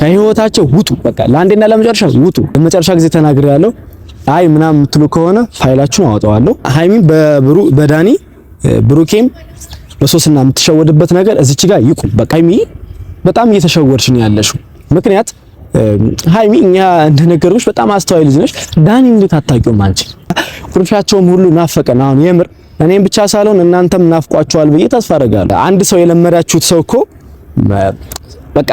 ከህይወታቸው ውጡ። በቃ ለአንዴና ለመጨረሻ ውጡ። ለመጨረሻ ጊዜ ተናግሬ ያለው አይ ምናምን የምትሉ ከሆነ ፋይላችሁን አወጣዋለሁ። ሀይሚም በብሩ በዳኒ ብሩኬም በሶስና የምትሸወድበት ነገር እዚች ጋር ይቁም። በቃ ሀይሚ በጣም እየተሸወድሽ ነው ያለሽው። ምክንያት ሀይሚ እኛ እንደነገርኩሽ በጣም አስተዋይ ልጅ ነሽ። ዳኒ እንዴት አታውቂውም አንቺ? ቁርሻቸውም ሁሉ ናፈቀን። አሁን የምር እኔም ብቻ ሳልሆን እናንተም ናፍቋቸዋል ብዬ ተስፋ አደርጋለሁ። አንድ ሰው የለመዳችሁት ሰው እኮ በቃ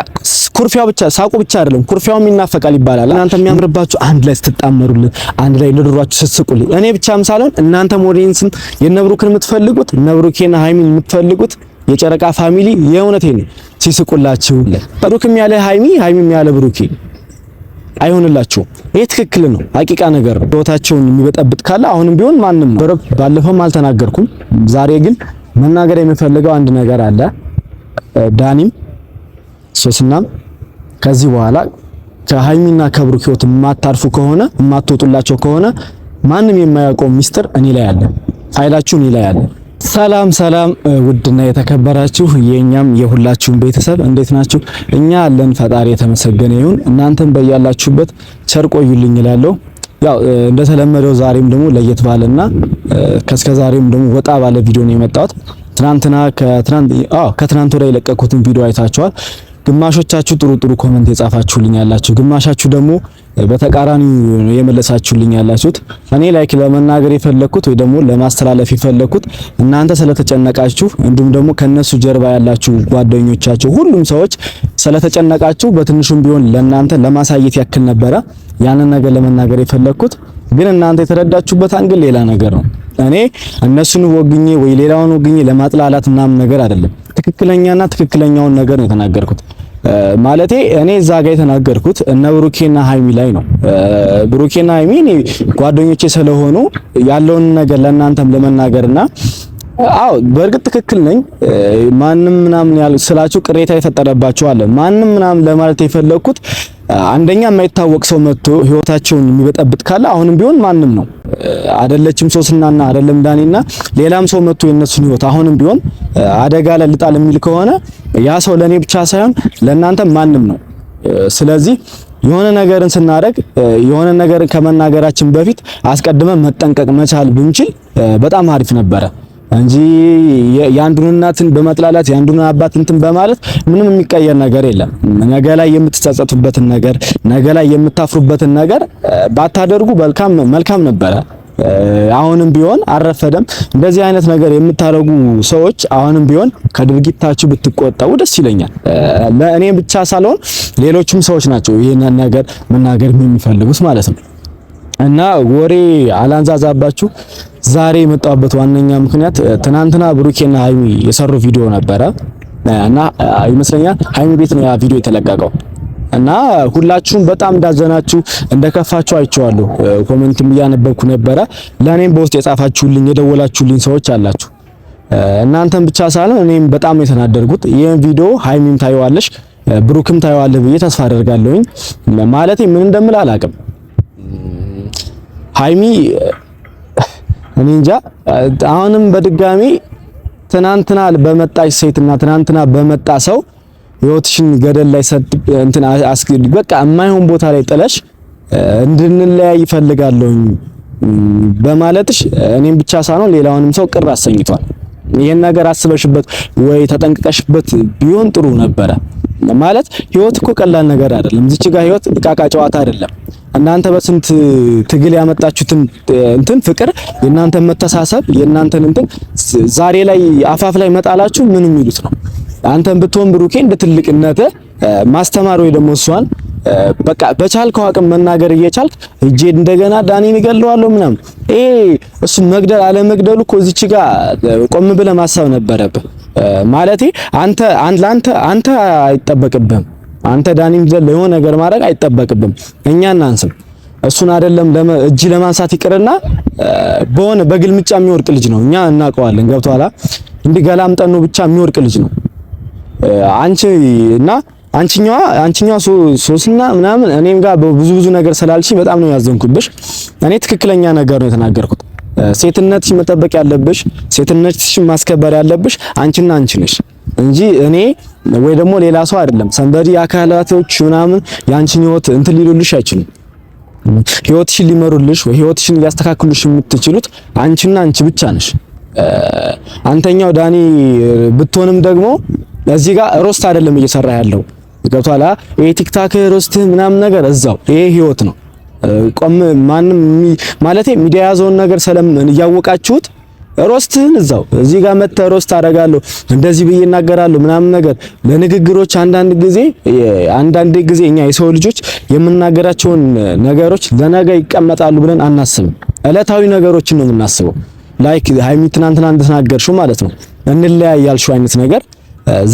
ኩርፊያው ብቻ ሳቁ ብቻ አይደለም፣ ኩርፊያውም ይናፈቃል ይባላል። እናንተ የሚያምርባችሁ አንድ ላይ ስትጣመሩልን፣ አንድ ላይ ልድሯችሁ ስትስቁልን እኔ ብቻም ሳልሆን እናንተ ሞዴንስን የነብሩክን የምትፈልጉት ነብሩኬና ሃይሚን የምትፈልጉት የጨረቃ ፋሚሊ የእውነቴ ነው ሲስቁላችሁ፣ ብሩክም ያለ ሃይሚ ሃይሚም ያለ ብሩኬ አይሆንላችሁም። ይህ ትክክል ነው፣ ሀቂቃ ነገር ነው። ህይወታቸውን የሚበጠብጥ ካለ አሁንም ቢሆን ማንም ነው። ባለፈውም አልተናገርኩም፣ ዛሬ ግን መናገር የምፈልገው አንድ ነገር አለ። ዳኒም ሶስናም ከዚህ በኋላ ከሀይሚና ከብሩክ ህይወት የማታርፉ ከሆነ የማትወጡላቸው ከሆነ ማንም የማያውቀው ሚስጥር እኔ ላይ አለ፣ ኃይላችሁ እኔ ላይ አለ። ሰላም ሰላም፣ ውድና የተከበራችሁ የኛም የሁላችሁም ቤተሰብ እንዴት ናችሁ? እኛ አለን፣ ፈጣሪ የተመሰገነ ይሁን። እናንተም በያላችሁበት ቸር ቆዩልኝ እላለሁ። ያው እንደተለመደው ዛሬም ደግሞ ለየት ባለና ከእስከ ደግሞ ወጣ ባለ ቪዲዮ ነው የመጣሁት። ትናንትና ከትናንት አዎ ከትናንት ወዲያ የለቀኩትን ቪዲዮ አይታችኋል። ግማሾቻችሁ ጥሩ ጥሩ ኮመንት የጻፋችሁልኝ ያላችሁ፣ ግማሻችሁ ደግሞ በተቃራኒው የመለሳችሁልኝ ያላችሁት እኔ ላይክ ለመናገር የፈለኩት ወይ ደግሞ ለማስተላለፍ የፈለኩት እናንተ ስለተጨነቃችሁ እንዲሁም ደግሞ ከነሱ ጀርባ ያላችሁ ጓደኞቻችሁ ሁሉም ሰዎች ስለተጨነቃችሁ በትንሹም ቢሆን ለእናንተ ለማሳየት ያክል ነበረ ያንን ነገር ለመናገር የፈለኩት። ግን እናንተ የተረዳችሁበት አንግል ሌላ ነገር ነው። እኔ እነሱን ወግኜ ወይ ሌላውን ወግኜ ለማጥላላት ምናምን ነገር አይደለም። ትክክለኛና ትክክለኛውን ነገር ነው የተናገርኩት። ማለቴ እኔ እዛ ጋር የተናገርኩት እነ ብሩኬና ሃይሚ ላይ ነው። ብሩኬና ሃይሚ ጓደኞቼ ስለሆኑ ያለውን ነገር ለእናንተም ለመናገርና አዎ በእርግጥ ትክክል ነኝ። ማንም ምናምን ያሉ ስላችሁ ቅሬታ የፈጠረባችሁ አለ። ማንም ምናምን ለማለት የፈለኩት አንደኛ የማይታወቅ ሰው መጥቶ ህይወታቸውን የሚበጠብጥ ካለ አሁንም ቢሆን ማንም ነው አይደለችም ሶስናና አደለም ዳኒና ሌላም ሰው መጥቶ የነሱን ህይወት አሁንም ቢሆን አደጋ ላይ ልጣል የሚል ከሆነ ያ ሰው ለኔ ብቻ ሳይሆን ለእናንተ ማንም ነው። ስለዚህ የሆነ ነገርን ስናደርግ የሆነ ነገር ከመናገራችን በፊት አስቀድመን መጠንቀቅ መቻል ብንችል በጣም አሪፍ ነበረ። እንጂ የአንዱን እናትን በመጥላላት የአንዱን አባት እንትን በማለት ምንም የሚቀየር ነገር የለም። ነገ ላይ የምትጸጸቱበትን ነገር ነገ ላይ የምታፍሩበትን ነገር ባታደርጉ መልካም መልካም ነበረ። አሁንም ቢሆን አረፈደም እንደዚህ አይነት ነገር የምታደርጉ ሰዎች አሁንም ቢሆን ከድርጊታችሁ ብትቆጠቡ ደስ ይለኛል። ለእኔ ብቻ ሳልሆን ሌሎችም ሰዎች ናቸው ይህንን ነገር መናገር የሚፈልጉት ማለት ነው እና ወሬ አላንዛዛባችሁ ዛሬ የመጣሁበት ዋነኛ ምክንያት ትናንትና ብሩኬና ሀይሚ የሰሩ ቪዲዮ ነበረ እና ይመስለኛል ሀይሚ ቤት ነው ያ ቪዲዮ የተለቀቀው እና ሁላችሁም በጣም እንዳዘናችሁ እንደከፋችሁ አይቼዋለሁ። ኮመንትም እያነበብኩ ነበረ። ለእኔም በውስጥ የጻፋችሁልኝ የደወላችሁልኝ ሰዎች አላችሁ። እናንተም ብቻ ሳለን እኔም በጣም ነው የተናደርኩት። ይህን ቪዲዮ ሀይሚም ታየዋለሽ፣ ብሩክም ታየዋለህ ብዬ ተስፋ አደርጋለሁኝ። ማለቴ ምን እንደምል አላቅም ሀይሚ እኔ እንጃ። አሁንም በድጋሚ ትናንትና በመጣች ሴትና ትናንትና በመጣ ሰው ህይወትሽን ገደል ላይ ሰጥ እንትን አስገድ በቃ የማይሆን ቦታ ላይ ጥለሽ እንድንለያይ ይፈልጋለሁኝ በማለትሽ እኔም ብቻ ሳይሆን ሌላውንም ሰው ቅር አሰኝቷል። ይህን ነገር አስበሽበት ወይ ተጠንቅቀሽበት ቢሆን ጥሩ ነበረ። ማለት ህይወት እኮ ቀላል ነገር አይደለም። እዚች ጋር ህይወት እቃቃ ጨዋታ አይደለም። እናንተ በስንት ትግል ያመጣችሁትን እንትን ፍቅር፣ የእናንተን መተሳሰብ፣ የእናንተን እንትን ዛሬ ላይ አፋፍ ላይ መጣላችሁ ምን የሚሉት ነው? አንተን ብትሆን ብሩኬ እንደ ትልቅነት ማስተማር ወይ ደግሞ እሷን በቃ በቻልከው አቅም መናገር እየቻልክ እጄ እንደገና ዳኒን እገለዋለሁ ምናምን፣ ይሄ እሱ መግደል አለመግደሉ እኮ እዚች ጋር ቆም ብለህ ማሰብ ነበረብህ። ማለቴ አንተ አንተ አንተ አይጠበቅብህም። አንተ ዳኒም ዘለ የሆነ ነገር ማድረግ አይጠበቅብህም። እኛ እናንስም እሱን አይደለም እጅ ለማንሳት ይቅርና በሆነ በግልምጫ የሚወርቅ ልጅ ነው። እኛ እናውቀዋለን። ገብቷላ እንዲህ ገላምጠን ነው ብቻ የሚወርቅ ልጅ ነው። አንቺ እና አንቺኛዋ አንቺኛዋ ሶስና ምናምን እኔም ጋር ብዙ ብዙ ነገር ስላልሽ በጣም ነው ያዘንኩብሽ። እኔ ትክክለኛ ነገር ነው የተናገርኩት። ሴትነትሽ መጠበቅ ያለብሽ ሴትነትሽ ማስከበር ያለብሽ አንቺና አንቺ ነሽ እንጂ እኔ ወይ ደግሞ ሌላ ሰው አይደለም። ሰንበዲ አካላቶች ምናምን የአንቺን ህይወት እንትን ሊሉልሽ አይችሉም። ህይወትሽን ሊመሩልሽ ወይ ህይወትሽን ሊያስተካክሉሽ የምትችሉት አንቺና አንቺ ብቻ ነሽ። አንተኛው ዳኒ ብትሆንም ደግሞ እዚህ ጋር ሮስት አይደለም እየሰራ ያለው ገብቷላ። ይሄ ቲክታክ ሮስት ምናምን ነገር እዛው ይሄ ህይወት ነው። ቆም ማንም ማለት ሚዲያ ያዘውን ነገር ሰለምን እያወቃችሁት ሮስትህን እዛው እዚህ ጋር መተ ሮስት አደርጋለሁ እንደዚህ ብዬ እናገራለሁ ምናምን ነገር ለንግግሮች አንዳንድ ጊዜ አንዳንድ ጊዜ እኛ የሰው ልጆች የምናገራቸውን ነገሮች ለነገ ይቀመጣሉ ብለን አናስብም። እለታዊ ነገሮችን ነው የምናስበው። ላይክ ሃይሚ ትናንትና እንደተናገርሽው ማለት ነው እንለያይ አይነት ነገር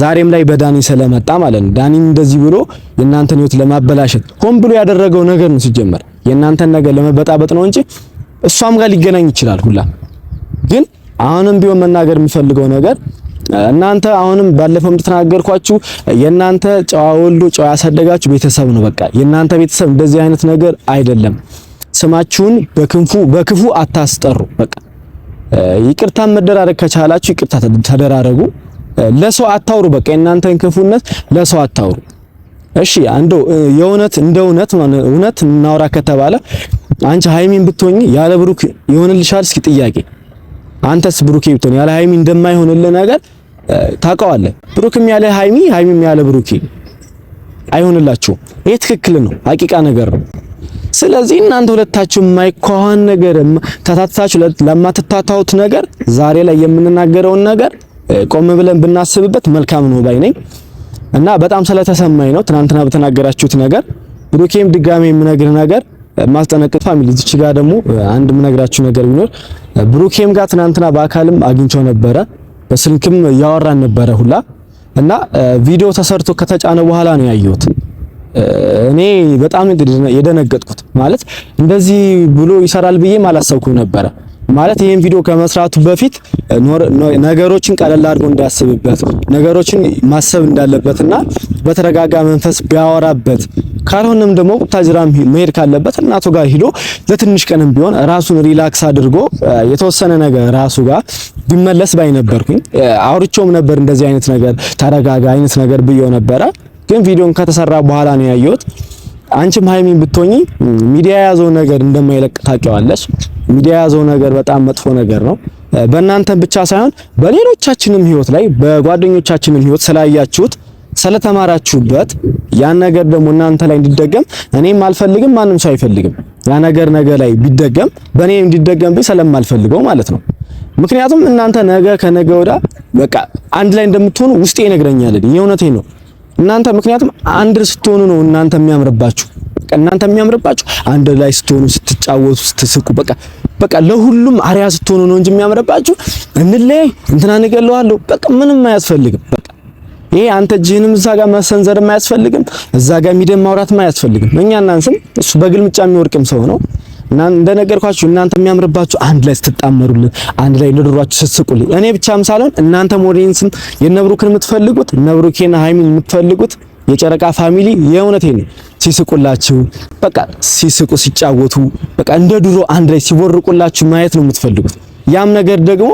ዛሬም ላይ በዳኒ ስለመጣ ማለት ነው። ዳኒን እንደዚህ ብሎ የእናንተን ህይወት ለማበላሸት ሆን ብሎ ያደረገው ነገር ነው። ሲጀመር የእናንተን ነገር ለመበጣበጥ ነው እንጂ እሷም ጋር ሊገናኝ ይችላል ሁላ። ግን አሁንም ቢሆን መናገር የሚፈልገው ነገር እናንተ አሁንም ባለፈው እንደተናገርኳችሁ የእናንተ ጨዋ ወልዶ ጨዋ ያሳደጋችሁ ቤተሰብ ነው። በቃ የእናንተ ቤተሰብ እንደዚህ አይነት ነገር አይደለም። ስማችሁን በክንፉ በክፉ አታስጠሩ። በቃ ይቅርታ መደራረግ ከቻላችሁ ይቅርታ ተደራረጉ። ለሰው አታውሩ። በቃ እናንተ ክፉነት ለሰው አታውሩ። እሺ አንዶ የእውነት እንደ እውነት እውነት እናውራ ከተባለ አንቺ ሃይሚን ብትሆኚ ያለ ብሩክ ይሆንልሻል? እስኪ ጥያቄ። አንተስ ብሩክ ብትሆኚ ያለ ሃይሚ እንደማይሆንልህ ነገር ታውቀዋለህ። ብሩክም ያለ ሃይሚ፣ ሃይሚም ያለ ብሩክ አይሆንላችሁም። ይሄ ትክክል ነው፣ ሀቂቃ ነገር ነው። ስለዚህ እናንተ ሁለታችሁ የማይኳኋን ነገር ተታትታችሁ ለማትታታውት ነገር ዛሬ ላይ የምንናገረውን ነገር ቆም ብለን ብናስብበት መልካም ነው ባይ ነኝ እና በጣም ስለተሰማኝ ነው ትናንትና በተናገራችሁት ነገር ብሩኬም ድጋሜ የምነግር ነገር ማስጠነቅቅ ፋሚሊ እዚች ጋር ደግሞ አንድ የምነግራችሁ ነገር ቢኖር ብሩኬም ጋር ትናንትና በአካልም አግኝቶ ነበረ፣ በስልክም ያወራን ነበረ ሁላ እና ቪዲዮ ተሰርቶ ከተጫነ በኋላ ነው ያየሁት። እኔ በጣም የደነገጥኩት ማለት እንደዚህ ብሎ ይሰራል ብዬ አላሰብኩም ነበረ። ማለት ይሄን ቪዲዮ ከመስራቱ በፊት ነገሮችን ቀለል አድርጎ እንዳያስብበት ነገሮችን ማሰብ እንዳለበትና በተረጋጋ መንፈስ ቢያወራበት ካልሆነም ደግሞ ቡታጅራም መሄድ ካለበት እናቱ ጋር ሂዶ ለትንሽ ቀንም ቢሆን ራሱን ሪላክስ አድርጎ የተወሰነ ነገር ራሱ ጋር ቢመለስ ባይነበርኩኝ ነበርኩኝ። አውርቼውም ነበር እንደዚህ አይነት ነገር ተረጋጋ አይነት ነገር ብዬው ነበረ። ግን ቪዲዮን ከተሰራ በኋላ ነው ያየሁት። አንቺም ሀይሚን ብትሆኚ ሚዲያ የያዘው ነገር እንደማይለቅ ታውቂዋለሽ። ሚዲያ የያዘው ነገር በጣም መጥፎ ነገር ነው። በእናንተም ብቻ ሳይሆን በሌሎቻችንም ህይወት ላይ በጓደኞቻችንም ህይወት ስላያችሁት ስለተማራችሁበት ያን ነገር ደግሞ እናንተ ላይ እንዲደገም እኔም አልፈልግም፣ ማንም ሰው አይፈልግም። ያ ነገር ነገ ላይ ቢደገም በእኔ እንዲደገም ብኝ ስለማልፈልገው ማለት ነው። ምክንያቱም እናንተ ነገ ከነገ ወዳ በቃ አንድ ላይ እንደምትሆኑ ውስጤ ይነግረኛል። የእውነቴ ነው። እናንተ ምክንያቱም አንድ ስትሆኑ ነው እናንተ የሚያምርባችሁ። እናንተ የሚያምርባችሁ አንድ ላይ ስትሆኑ፣ ስትጫወቱ፣ ስትስቁ በቃ በቃ ለሁሉም አሪያ ስትሆኑ ነው እንጂ የሚያምርባችሁ እንለያይ እንትና እገለዋለሁ በቃ ምንም አያስፈልግም። በቃ ይሄ አንተ እጅህንም እዛ ጋር መሰንዘርም አያስፈልግም፣ እዛ ጋር ሚደም ማውራትም አያስፈልግም። እኛ እናንስም እሱ በግልምጫ የሚወርቅም ሰው ነው። እንደነገርኳችሁ እናንተ የሚያምርባችሁ አንድ ላይ ስትጣመሩልን፣ አንድ ላይ ለዶሯችሁ ስትስቁልን፣ እኔ ብቻም ሳልሆን እናንተ ሞዴንስን የነብሩክን የምትፈልጉት ነብሩኬና ሃይሚን የምትፈልጉት የጨረቃ ፋሚሊ የእውነቴ ነው። ሲስቁላችሁ በቃ ሲስቁ ሲጫወቱ በቃ እንደ ድሮ አንድ ላይ ሲቦርቁላችሁ ማየት ነው የምትፈልጉት። ያም ነገር ደግሞ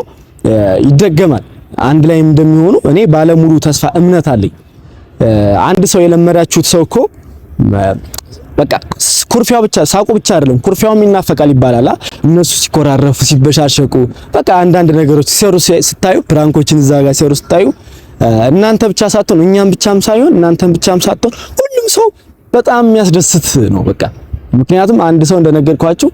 ይደገማል። አንድ ላይ እንደሚሆኑ እኔ ባለሙሉ ተስፋ እምነት አለኝ። አንድ ሰው የለመዳችሁት ሰው እኮ በቃ ኩርፊያው ብቻ ሳቁ ብቻ አይደለም፣ ኩርፊያውም ይናፈቃል ይባላል። እነሱ ሲኮራረፉ ሲበሻሸቁ፣ በቃ አንዳንድ ነገሮች ሲሰሩ ስታዩ፣ ፕራንኮችን እዛ ጋር ሲሰሩ ስታዩ እናንተ ብቻ ሳትሆን እኛም ብቻም ሳይሆን እናንተም ብቻም ሳትሆን ሁሉም ሰው በጣም የሚያስደስት ነው። በቃ ምክንያቱም አንድ ሰው እንደነገርኳችሁ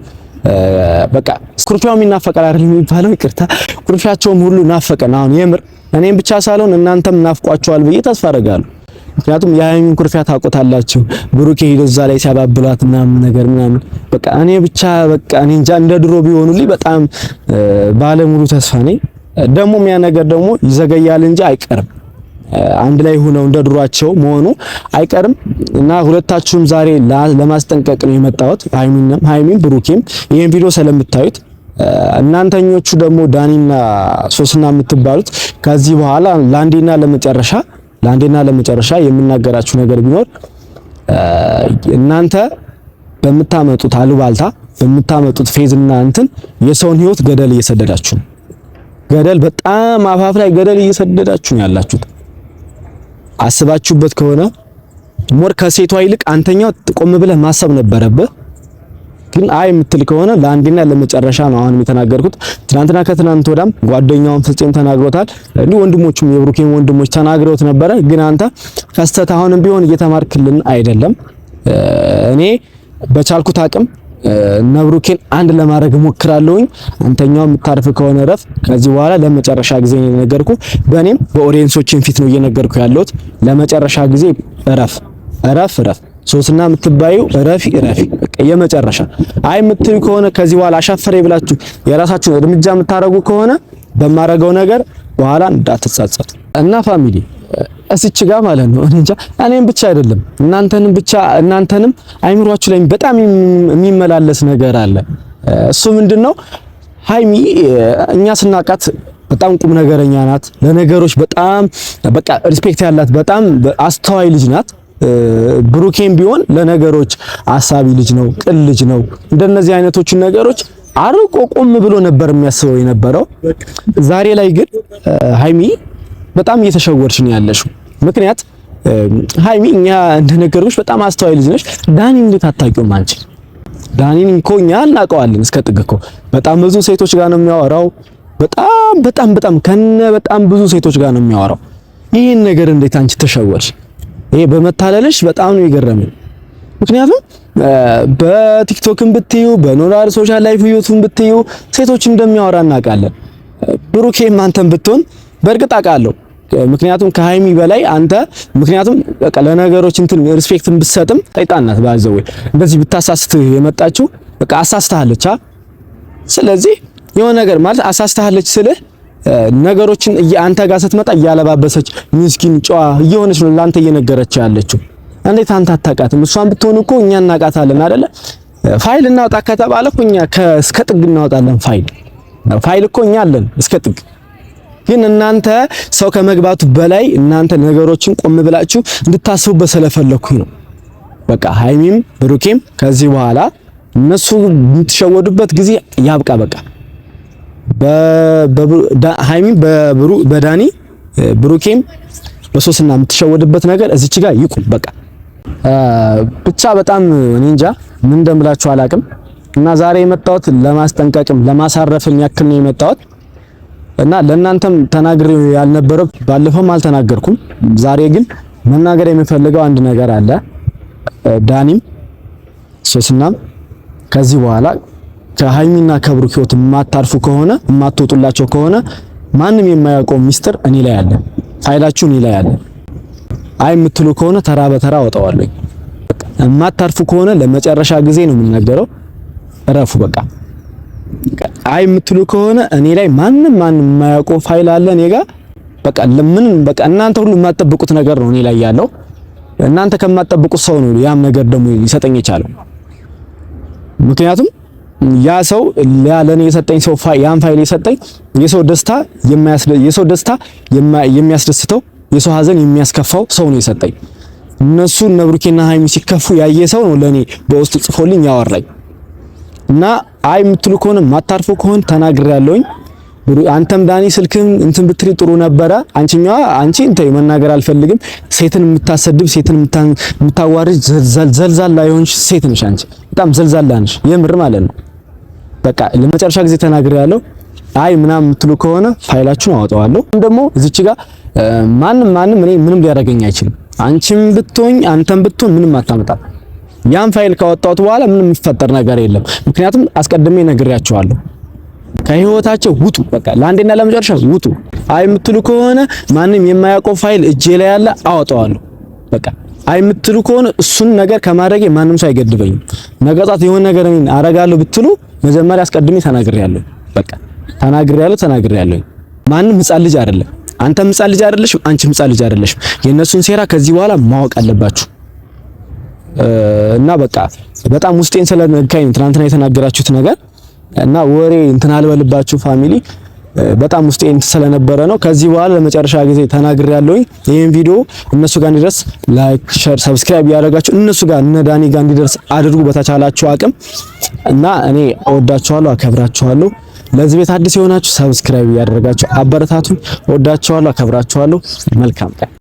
በቃ ኩርፊያውም ይናፈቃል አይደለም የሚባለው፣ ይቅርታ ኩርፊያቸውም ሁሉ ናፈቀን። አሁን የምር እኔም ብቻ ሳልሆን እናንተም ናፍቋቸዋል ብዬ ተስፋ አደርጋለሁ። ምክንያቱም የሀይሚን ኩርፊያ ታውቆታላችሁ። ብሩኬ ሄዶ እዛ ላይ ሲያባብሏት ምናምን ነገር ምናምን በቃ እኔ ብቻ በቃ እኔ እንጃ እንደ ድሮ ቢሆኑልኝ በጣም ባለሙሉ ተስፋ ነኝ። ደግሞም ያ ነገር ደግሞ ይዘገያል እንጂ አይቀርም። አንድ ላይ ሆነው እንደ ድሯቸው መሆኑ አይቀርም እና ሁለታችሁም ዛሬ ለማስጠንቀቅ ነው የመጣሁት። ሀይሚንም ሀይሚም ብሩኬም ይሄን ቪዲዮ ስለምታዩት እናንተኞቹ ደግሞ ዳኒና ሶስና የምትባሉት ከዚህ በኋላ ለአንዴና ለመጨረሻ ለአንዴና ለመጨረሻ የምናገራችሁ ነገር ቢኖር እናንተ በምታመጡት አሉባልታ በምታመጡት እና እንትን የሰውን ህይወት ገደል እየሰደዳችሁ ነው። ገደል በጣም አፋፍ ላይ ገደል እየሰደዳችሁ ነው ያላችሁት። አስባችሁበት ከሆነ ሞር ከሴቷ ይልቅ አንተኛው ቆም ብለህ ማሰብ ነበረብህ። ግን አይ የምትል ከሆነ ለአንዴና ለመጨረሻ ነው አሁን የተናገርኩት። ትናንትና ከትናንት ወዳም ጓደኛውን ፍጹም ተናግሮታል። እንዲሁ ወንድሞቹም የብሩኬን ወንድሞች ተናግረውት ነበረ። ግን አንተ ከስተት አሁንም ቢሆን እየተማርክልን አይደለም። እኔ በቻልኩት አቅም ነብሩኬን አንድ ለማድረግ ሞክራለሁኝ። አንተኛው የምታርፍ ከሆነ ረፍ። ከዚህ በኋላ ለመጨረሻ ጊዜ ነው የነገርኩ፣ በእኔም በኦዲየንሶችን ፊት ነው እየነገርኩ ያለሁት። ለመጨረሻ ጊዜ ረፍ ረፍ ረፍ ሶስና የምትባዩ ረፊ ረፊ የመጨረሻ አይ የምትሉ ከሆነ ከዚህ በኋላ አሻፈሬ ብላችሁ የራሳችሁን እርምጃ የምታረጉ ከሆነ በማረገው ነገር በኋላ እንዳትጻጸቱ እና ፋሚሊ እስች ጋር ማለት ነው እንጃ እኔም ብቻ አይደለም እናንተንም ብቻ እናንተንም አይምሯችሁ ላይ በጣም የሚመላለስ ነገር አለ። እሱ ምንድነው? ሃይሚ እኛ ስናቃት በጣም ቁም ነገረኛ ናት፣ ለነገሮች በጣም በቃ ሪስፔክት ያላት በጣም አስተዋይ ልጅ ናት። ብሩኬም ቢሆን ለነገሮች አሳቢ ልጅ ነው፣ ቅን ልጅ ነው። እንደነዚህ አይነቶቹ ነገሮች አርቆ ቆም ብሎ ነበር የሚያስበው የነበረው። ዛሬ ላይ ግን ሀይሚ በጣም እየተሸወርሽ ነው ያለሽው። ምክንያት ሀይሚ እኛ እንደነገርኩሽ በጣም አስተዋይ ልጅ ነሽ። ዳኒ እንዴት አታውቂውም አንቺ? ዳኒን እኮ እኛ እናውቀዋለን እስከ ጥግ እኮ። በጣም ብዙ ሴቶች ጋር ነው የሚያወራው። በጣም በጣም በጣም ከነ በጣም ብዙ ሴቶች ጋር ነው የሚያወራው። ይህን ነገር እንዴት አንቺ ተሸወርሽ? ይሄ በመታለልሽ በጣም ነው የገረመኝ። ምክንያቱም በቲክቶክም ብትዩ በኖራል ሶሻል ላይፍ ዩቱብም ብትዩ ሴቶች እንደሚያወራ እናውቃለን። ብሩኬም አንተም ብትሆን በእርግጥ አውቃለሁ። ምክንያቱም ከሃይሚ በላይ አንተ ምክንያቱም በቃ ለነገሮች እንትን ሪስፔክት ብትሰጥም ሰይጣናት ባዘው እንደዚህ ብታሳስት የመጣችው በቃ አሳስተሃለች። ስለዚህ የሆነ ነገር ማለት አሳስተሃለች ስልህ ነገሮችን አንተ ጋር ስትመጣ እያለባበሰች ምስኪን ጨዋ እየሆነች ነው ላንተ እየነገረች ያለችው። እንዴት አንተ አታውቃትም? እሷን ብትሆን እኮ እኛ እናውቃታለን አይደለ? ፋይል እናውጣ ከተባለ እኮ እኛ እስከ ጥግ እናወጣለን። ፋይል ፋይል እኮ እኛ አለን እስከ ጥግ። ግን እናንተ ሰው ከመግባቱ በላይ እናንተ ነገሮችን ቆም ብላችሁ እንድታስቡበት ስለፈለኩ ነው። በቃ ሃይሚም ብሩኬም ከዚህ በኋላ እነሱ የምትሸወዱበት ጊዜ ያብቃ። በቃ በብሩ በዳኒ ብሩኬም በሶስና የምትሸወድበት ነገር እዚች ጋር ይቁም። በቃ ብቻ በጣም እኔ እንጃ ምን እንደምላችሁ አላቅም። እና ዛሬ የመጣሁት ለማስጠንቀቅም ለማሳረፍም ያክል ነው የመጣሁት እና ለእናንተም ተናግሬ ያልነበረው ባለፈውም አልተናገርኩም። ዛሬ ግን መናገር የሚፈልገው አንድ ነገር አለ። ዳኒም ሶስናም ከዚህ በኋላ ከሀይሚና ከብሩክ ህይወት የማታርፉ ከሆነ የማትወጡላቸው ከሆነ ማንም የማያውቀው ሚስጥር እኔ ላይ አለ፣ ኃይላችሁ እኔ ላይ አለ። አይ የምትሉ ከሆነ ተራ በተራ አወጣዋለሁ። የማታርፉ ከሆነ ለመጨረሻ ጊዜ ነው የምናገረው፣ እረፉ በቃ። አይ የምትሉ ከሆነ እኔ ላይ ማንም ማንም የማያውቀው ፋይል አለ እኔ ጋር። በቃ ለምን በቃ እናንተ ሁሉ የማትጠብቁት ነገር ነው እኔ ላይ ያለው። እናንተ ከማትጠብቁት ሰው ነው ያም ነገር ደግሞ ሊሰጠኝ የቻለው ምክንያቱም ያ ሰው ለኔ የሰጠኝ ሰው ያን ፋይል የሰጠኝ የሰው ደስታ የሰው ደስታ የሚያስደስተው የሰው ሀዘን የሚያስከፋው ሰው ነው የሰጠኝ። እነሱ እነ ብሩኬና ሀይሚ ሲከፉ ያየ ሰው ነው ለኔ በውስጥ ጽፎልኝ ያወራኝ እና አይ የምትሉ ከሆነ ማታርፎ ከሆነ ተናግሬ ያለውኝ አንተም ዳኒ ስልክህን እንትን ብትሪ ጥሩ ነበረ። አንቺኛ አንቺ እንተይ መናገር አልፈልግም። ሴትን የምታሰድብ ሴትን የምታዋርጅ ዘልዛላ የሆንሽ ሴት ነሽ አንቺ። በጣም ዘልዛላ ነሽ የምር ማለት ነው። በቃ ለመጨረሻ ጊዜ ተናግሬ ያለው አይ ምናምን የምትሉ ከሆነ ፋይላችሁን አወጣዋለሁ። ደግሞ እዚች ጋር ማንም ማንም እኔ ምንም ሊያደርገኝ አይችልም። አንቺም ብትሆኝ አንተም ብትሆን ምንም አታመጣም። ያን ፋይል ካወጣሁት በኋላ ምንም የሚፈጠር ነገር የለም። ምክንያቱም አስቀድሜ ነግሬያችኋለሁ። ከህይወታቸው ውጡ። በቃ ለአንዴና ለመጨረሻ ውጡ። አይ የምትሉ ከሆነ ማንም የማያውቀው ፋይል እጄ ላይ ያለ አወጣዋለሁ። በቃ አይ የምትሉ ከሆነ እሱን ነገር ከማድረጌ ማንም ሰው አይገድበኝም። ነገጣት የሆነ ነገር ምን አረጋለሁ ብትሉ መጀመሪያ አስቀድሜ ተናግሬያለሁ። በቃ ተናግሬያለሁ፣ ተናግሬያለሁ። ማንም ህፃን ልጅ አይደለም። አንተም ህፃን ልጅ አይደለሽም፣ አንቺም ህፃን ልጅ አይደለሽም። የእነሱን ሴራ ከዚህ በኋላ ማወቅ አለባችሁ። እና በቃ በጣም ውስጤን ስለነካኝ ትናንትና የተናገራችሁት ነገር እና ወሬ እንትን አልበልባችሁ ፋሚሊ በጣም ውስጤ እንትን ስለነበረ ነው። ከዚህ በኋላ ለመጨረሻ ጊዜ ተናግሬ ያለሁኝ ይህን ቪዲዮ እነሱ ጋር እንዲደርስ ላይክ፣ ሼር፣ ሰብስክራይብ ያደረጋችሁ እነሱ ጋር እነ ዳኒ ጋር እንዲደርስ አድርጉ በተቻላችሁ አቅም እና እኔ እወዳችኋለሁ፣ አከብራችኋለሁ። ለዚህ ቤት አዲስ የሆናችሁ ሰብስክራይብ ያደረጋችሁ አበረታቱን። እወዳችኋለሁ፣ አከብራችኋለሁ። መልካም ቀን